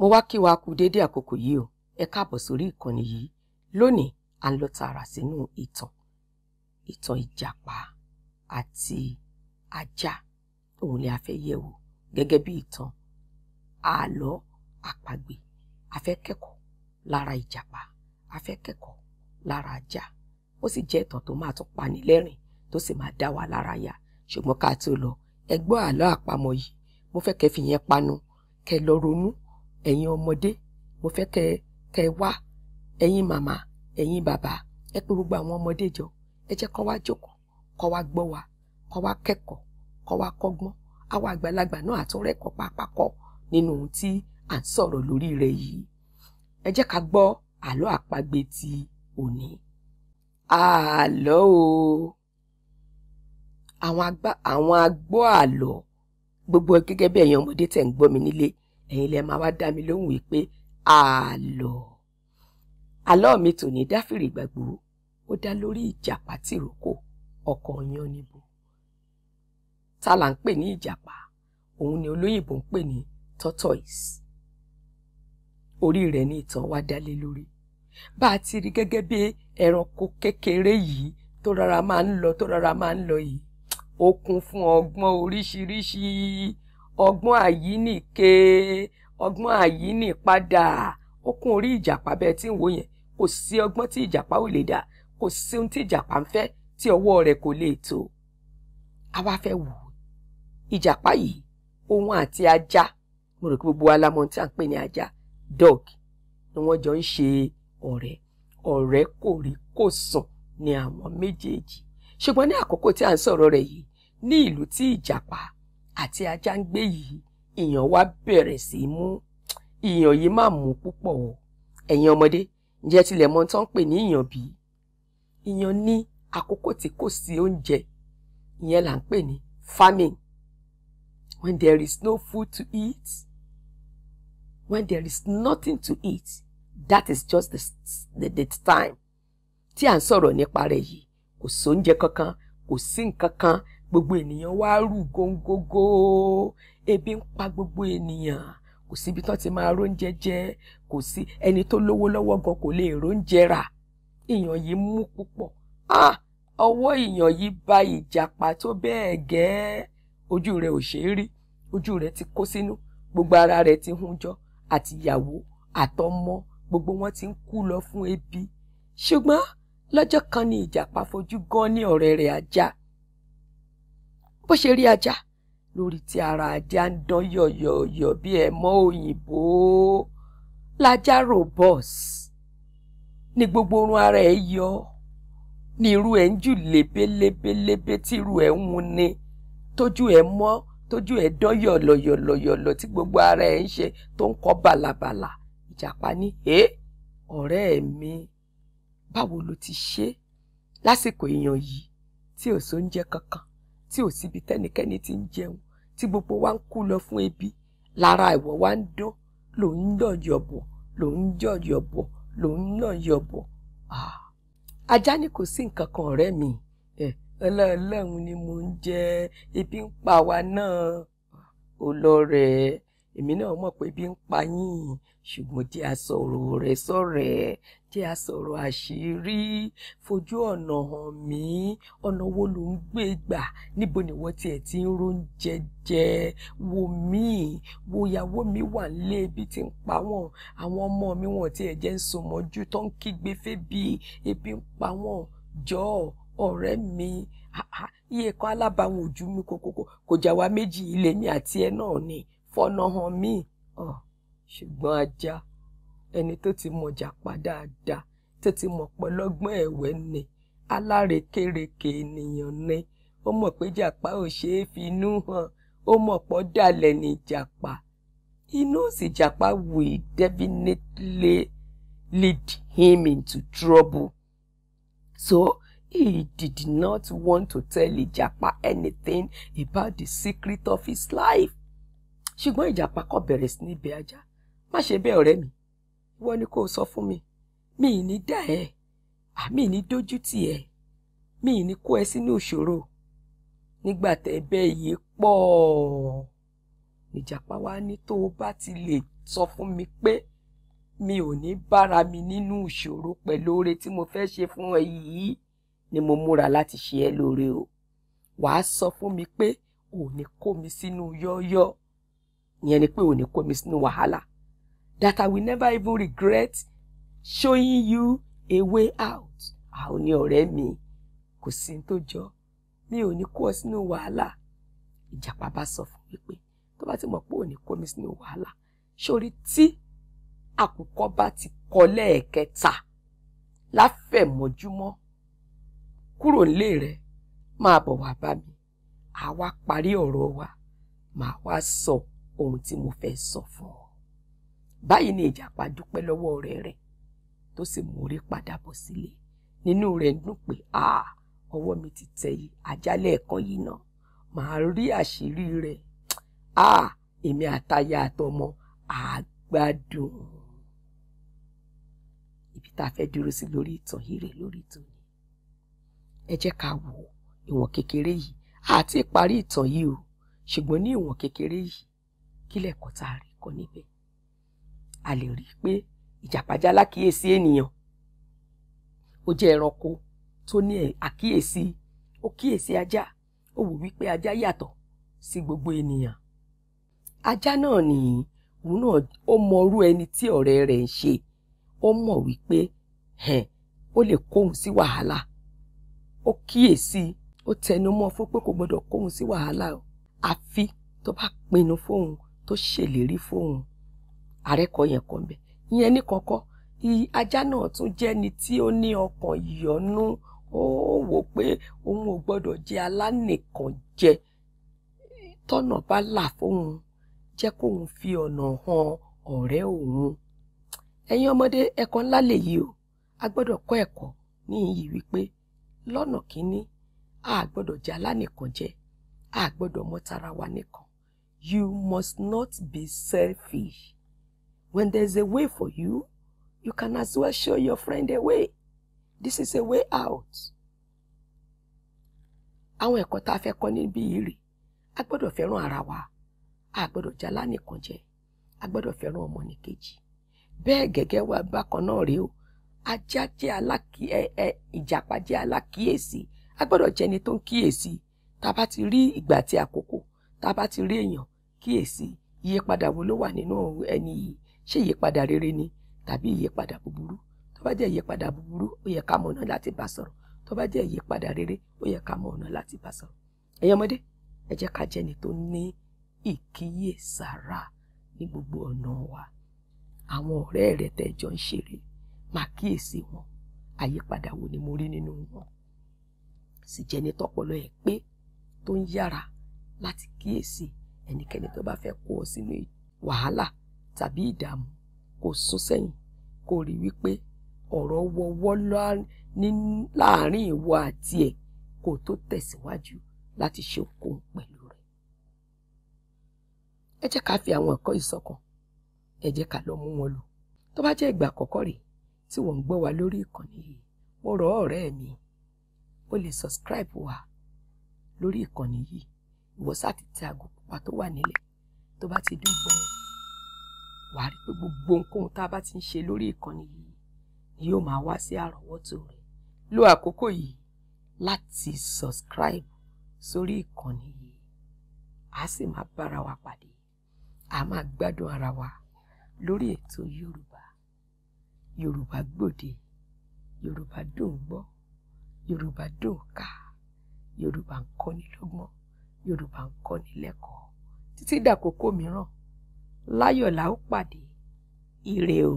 mo wá kí wa kú déédé àkókò yìí o ẹ káàbọ̀ sórí ìkànnì yìí lónìí à ń lọ tààrà sínú ìtàn ìtàn ìjàpá àti ajá òun ni a fẹ́ yẹ̀ wò gẹ́gẹ́ bí ìtàn àlọ́ àpagbè a fẹ́ kẹ́kọ̀ọ́ lára ìjàpá a fẹ́ kẹ́kọ̀ọ́ lára ajá ó sì jẹ́ ìtàn tó máa tún pani lẹ́rìn tó sì máa dá wa lára yá ṣùgbọ́n ká tó lọ ẹ àlọ́ àpamọ̀ yìí mo fẹ́ kẹ́ fi yẹn panu kẹ́ lọ ronú ẹ̀yin ọmọdé mo fẹ́ kẹ́ kẹ́ wá ẹ̀yin màmá ẹ̀yin bàbá ẹ pé gbogbo àwọn ọmọdé jọ ẹ jẹ́ kó wá jókòó kó wá gbọ́ wa kó wá kẹ́kọ̀ọ́ kó wá kọ́gbọ́n àwọn àgbàlagbà náà àtúnrẹ́kọ̀ọ́ pàápàá nínú ohun tí à ń sọ̀rọ̀ lórí rẹ̀ yìí ẹ jẹ́ ká gbọ́ àlọ́ àpagbè ti òní. àlọ́ o àwọn agbó àlọ́ gbogbo gẹ́gẹ́ bí ẹ̀yin ọmọdé tẹ̀ ń gbọ́ mi nílé ẹ̀yin lẹ máa wá dá mi lóhùn wípé àlọ́ àlọ́ mi tò ní dáfìrì gbàgbó ó dá lórí ìjàpá tìrókò ọkọ Yánníbo tá là ń pè ní ìjàpá òun ni olóyìnbó ń pè ní tortoise orí rẹ̀ ni ìtàn wa dá lé lórí bá a ti rí gẹ́gẹ́ bí ẹranko kékeré yìí tó rárá máa ń lọ tó rárá máa ń lọ yìí ó fún ọgbọ́n oríṣiríṣi ọgbọ́n àyínìke ọgbọ́n àyínìpadà ó kún orí ìjàpá bẹ́ẹ̀ tí ń wò yẹn kò sí ọgbọ́n tí ìjàpá ò lè dá kò sí ohun tí ìjàpá ń fẹ́ tí ọwọ́ rẹ̀ kò lè tó. a wá fẹ́ wò ó ìjàpá yìí òun àti ajá mo rò pé gbogbo wa la mọ̀ tí à ń pè ní ajá dog ni wọ́n jọ ń ṣe ọ̀rẹ́ ọ̀rẹ́ kò rí kò sàn ni àwọn méjèèjì ṣùgbọ́n ní àkókò tí à ń sọ̀rọ̀ rẹ̀ yìí ní ìlú tí ìjàpá àti ajá ń gbé yìí ìyàn wá bẹ̀rẹ̀ sí í mú ìyàn yìí má mú púpọ̀ o ẹ̀yin ọmọdé ǹjẹ́ tilẹ̀ mọ̀ tán pè ní ìyàn bí? ìyàn ní àkókò tí kò sí oúnjẹ ìyẹn là ń pè ní famine when there is no food to eat when there is nothing to eat that is just the, the, the time tí à ń sọ̀rọ̀ nípa rẹ̀ yìí kò sóúnjẹ kankan kò sí nǹkan kan gbogbo ènìyàn wá rù góńgógó ebi ń pa gbogbo ènìyàn kò síbi tó ti máa róúnjẹ jẹ kò sí ẹni tó lówó lọ́wọ́ gan kò lè róúnjẹ rà ìyàn yìí mú púpọ̀ ọwọ́ ìyàn yìí ba ìjàpá tó bẹ́ẹ̀ gẹ́ ojú rẹ̀ ò ṣeé rí ojú rẹ̀ ti kó sínú gbogbo ara rẹ̀ ti hun jọ àtìyàwó àtọmọ gbogbo wọn ti ń kú lọ fún ebi ṣùgbọ́n lọ́jọ́ kan ni ìjàpá fojú gan ní ọ̀rẹ́ rẹ̀ ajá bó ṣe rí ajá lórí tí ara ajá ń dán yọ̀yọ̀yọ̀ bí ẹ̀mọ́ òyìnbó lajá robos ni gbogbo orun ara ẹ̀ yọ ni irú ẹ̀ ń jù lébélébélébé tí irú ẹ̀ ń wun ni tójú ẹ̀ mọ́ tójú ẹ̀ dán yọ̀lọ̀yọ̀lọ̀yọ̀lọ̀ tí gbogbo ara ẹ̀ ń ṣe tó ń kọ́ bàlàbàlà ìjàpá ní ẹ́ ọ̀rẹ́ mi báwo ló ti ṣe lásìkò èèyàn yìí tí ò sóúnjẹ kankan tí ò síbi tẹ́nikẹ́ni ti ń jẹun tí gbogbo wa ń kú lọ fún ebi lára ìwọ wa ń dán ló ń yọ̀yọ̀ bọ̀ ló ń yọ̀yọ̀ bọ̀ ló ń yọ̀yọ̀ bọ̀. Ah! ajá ní kò sí nǹkan kan ọ̀rẹ́ mi eh, ọlọ́ọ̀lọ́hún ni mo ń jẹ ebi ń pa wa náà ó lọ rẹ̀ èmi náà mọ̀ pé bí ń pa yín ṣùgbọ́n jẹ́ àsọ̀rọ̀ rẹ̀ sọ̀rẹ̀ jẹ́ àsọ̀rọ̀ àṣírí fojú ọ̀nà hàn mí ọ̀nà wo ló ń gbé gbà níbo ni wọ́n tiẹ̀ ti ń róúnjẹ jẹ wo mí wo ìyàwó mi wà nílé ebi ti ń pa wọ́n àwọn ọmọ mi wọn tiẹ̀ jẹ́ ń sùn mọ́jú tó ń kígbe fébì ebi ń pa wọ́n jọ ọ̀rẹ́ mi iye kan alábàáwọn ojú mi kò kò kò jà wá méjì ilé mi àti ẹ náà ni fọ̀nà hàn mí ṣùgbọ́n ajá ẹni tó ti mọ̀ jàpá dáadáa tó ti mọ̀ pọ̀lọ́gbọ́n ẹ̀wẹ́ ni alárekereke ènìyàn ni ó mọ̀ pé jàpá ò ṣeé fi inú hàn ó mọ̀ pọ̀ dalẹ̀ ní jàpá inú sì jàpá will definitely lead him into trouble so he did not want to tell ìjàpá anything about the secret of his life ṣùgbọ́n ìjàpá kọ̀ bẹ̀rẹ̀ sí ní bẹ ajá má ṣe bẹ́ẹ̀ ọ̀rẹ́ mi ìwọ ni kò sọ fún mi mi ì ní dà ẹ́ àmì ní dójú tì ẹ́ mi ì ní kó ẹ sínú ìṣòro nígbà tẹ bẹ́ẹ̀ yé pọ̀ ìjàpá wa ní tó o bá ti lè sọ fún mi pé mi ò ní bára mi nínú ìṣòro pẹ̀lú oore tí mo fẹ́ ṣe fún ẹ yìí ni mo múra láti ṣe ẹ́ lóore o wàá sọ fún mi pé ò kó mi sínú yọ́yọ́ ìyẹn ni pé ò ní mi sínú wàhálà that I will never even regret showing you a way out àwọn ní ọ̀rẹ́ mi kò sí tó jọ mi ò ní kó ọ sínú wàhálà ìjàpá bá sọ fún mi pé tó bá ti mọ̀ pé ò ní mi sínú wàhálà sórí tí àkùkọ bá ti kọ lẹ́ẹ̀kẹta láfẹ̀mọ́júmọ́ kúrò nílé rẹ máa bọ̀ wá bá mi àwa parí ọ̀rọ̀ wa màá wá sọ. So ohun tí mo fẹ́ sọ fún ọ. báyìí ni ìjàpá dúpẹ́ lọ́wọ́ ọ̀rẹ́ rẹ̀ tó sì mórí padà bọ̀ sílé nínú rẹ̀ ń dùn pé ọwọ́ mi ti tẹ̀ yìí àjálẹ̀ ẹ̀kan yìí náà màá rí àṣírí rẹ̀ èmi àtaya àtọmọ àgbàdùn ibi tá a fẹ́ dúró sí lórí ìtàn yìí rèé lórí ìtòní ẹ jẹ́ ká wo ìwọ̀n kékeré yìí àti ìparí ìtàn yìí o ṣùgbọ́n ní ìwọ̀n kékeré yìí kí lẹ́kọ̀ọ́ tá a rí kọ́ níbẹ̀ a lè rí i pé ìjàpájá lákìyèsí ènìyàn ó jẹ́ ẹranko tó ní àkíyèsí ó kíyèsí ajá ó wò wípé ajá yàtọ̀ sí gbogbo ènìyàn ajá náà nìyí òun náà ó mọ irú ẹni tí ọ̀rẹ́ rẹ̀ ń ṣe ó mọ̀ wípé ó lè kóhun sí wàhálà ó kíyèsí ó tẹnu fún pé kò gbọ́dọ̀ kóhun sí wàhálà àfi tó bá pinnu fóun tó ṣèlérí fóun àrẹ́kọ yẹn kan bẹ̀ ìyẹn ní kọ́kọ́ ajá náà tún jẹ́ ni tí ó ní ọkàn ìyọ́nú ó wò pé òun ò gbọ́dọ̀ jẹ́ alánìkànjẹ tọ́nà bá là fóun jẹ́ kóun fi ọ̀nà hàn ọ̀rẹ́ òun ẹ̀yin ọmọdé ẹ̀kọ́ ńlá lèyí o a gbọ́dọ̀ kọ́ ẹ̀kọ́ ní iyì wípé lọ́nà kínní a gbọ́dọ̀ jẹ́ alánìkànjẹ a gbọ́dọ̀ mọ tara wa nìkan You must not be selfish. When there's a way for you, you can as well show your friend a way. This is a way out. Àwọn ẹ̀kọ́ tá a fẹ́ kọ́ níbí yìí rè a gbọ́dọ̀ fẹ́ràn ara wa a gbọ́dọ̀ jálá nìkan jẹ a gbọ́dọ̀ fẹ́ràn ọmọ nìkejì bẹ́ẹ̀ gẹ́gẹ́ wa bákan náà rèé o ajá jẹ́ alákì ẹ ẹ ìjàpá jẹ́ alákìyèsí a gbọ́dọ̀ jẹ́ ẹni tó ń kíyèsí tá a bá ti rí ìgbà àti àkókò tá a bá ti rí èèyàn kíyèsí ìyípadà wo ló wà nínú ẹni yìí ṣé ìyípadà rere ni tàbí ìyípadà búburú tó bá jẹ́ ìyípadà búburú ó yẹ ká mọ ọ̀nà láti bá sọ̀rọ̀ tó bá jẹ́ ìyípadà rere ó yẹ ká mọ ọ̀nà láti bá sọ̀rọ̀ ẹ̀yin ọmọdé ẹ jẹ́ ká jẹ́ni tó ní ìkíyèsára ní gbogbo ọ̀nà wa àwọn ọ̀rẹ́ rẹ tẹ́jọ ń ṣeré máa kíyèsí wọn àyípadà wo ni mo rí nínú wọn sì jẹ́ni tọpọlọ ẹ̀ pé tó ń yára láti kíyèsí ẹnikẹ́ni tó bá fẹ́ kó ọ sínú wàhálà tàbí ìdààmú kó sún sẹ́yìn kó rí wípé ọ̀rọ̀ wọwọ́ láàrin ìwọ àti ẹ̀ kó tó tẹ̀síwájú láti ṣe okòwò pẹ̀lú rẹ̀. ẹ jẹ́ ká fi àwọn ẹ̀kọ́ ìṣọ̀kan ẹ jẹ́ ká lọ mú wọn lò tó bá jẹ́ ìgbà àkọ́kọ́ rèé tí wọ́n ń gbọ́ wa lórí ìkànnì yìí mo rọ̀ ọ̀rẹ́ mi o lè subscribe wa lórí ìkànnì yìí ìwọ sá ti tẹ àgò pupa tó wà nílẹ̀ tó bá ti dùn gbọ́n wàá rí pé gbogbo ohunkóhun tá a bá ti ń ṣe lórí ìkànnì yìí ni yóò máa wá sí àrọ́wọ́tò rẹ lo àkókò yìí láti subscribe sórí ìkànnì yìí a sì máa bára wa pàdé a máa gbádùn ara wa lórí ètò Yorùbá Yorùbá gbòde Yorùbá dùn gbọ́ Yorùbá dùn ká Yorùbá ń kọ́ni lọ́gbọ́n yorùbá ń kọ́ni lẹ́kọ̀ọ́ títí dàkókò mìíràn láyọ̀ la ó pàdé ire o.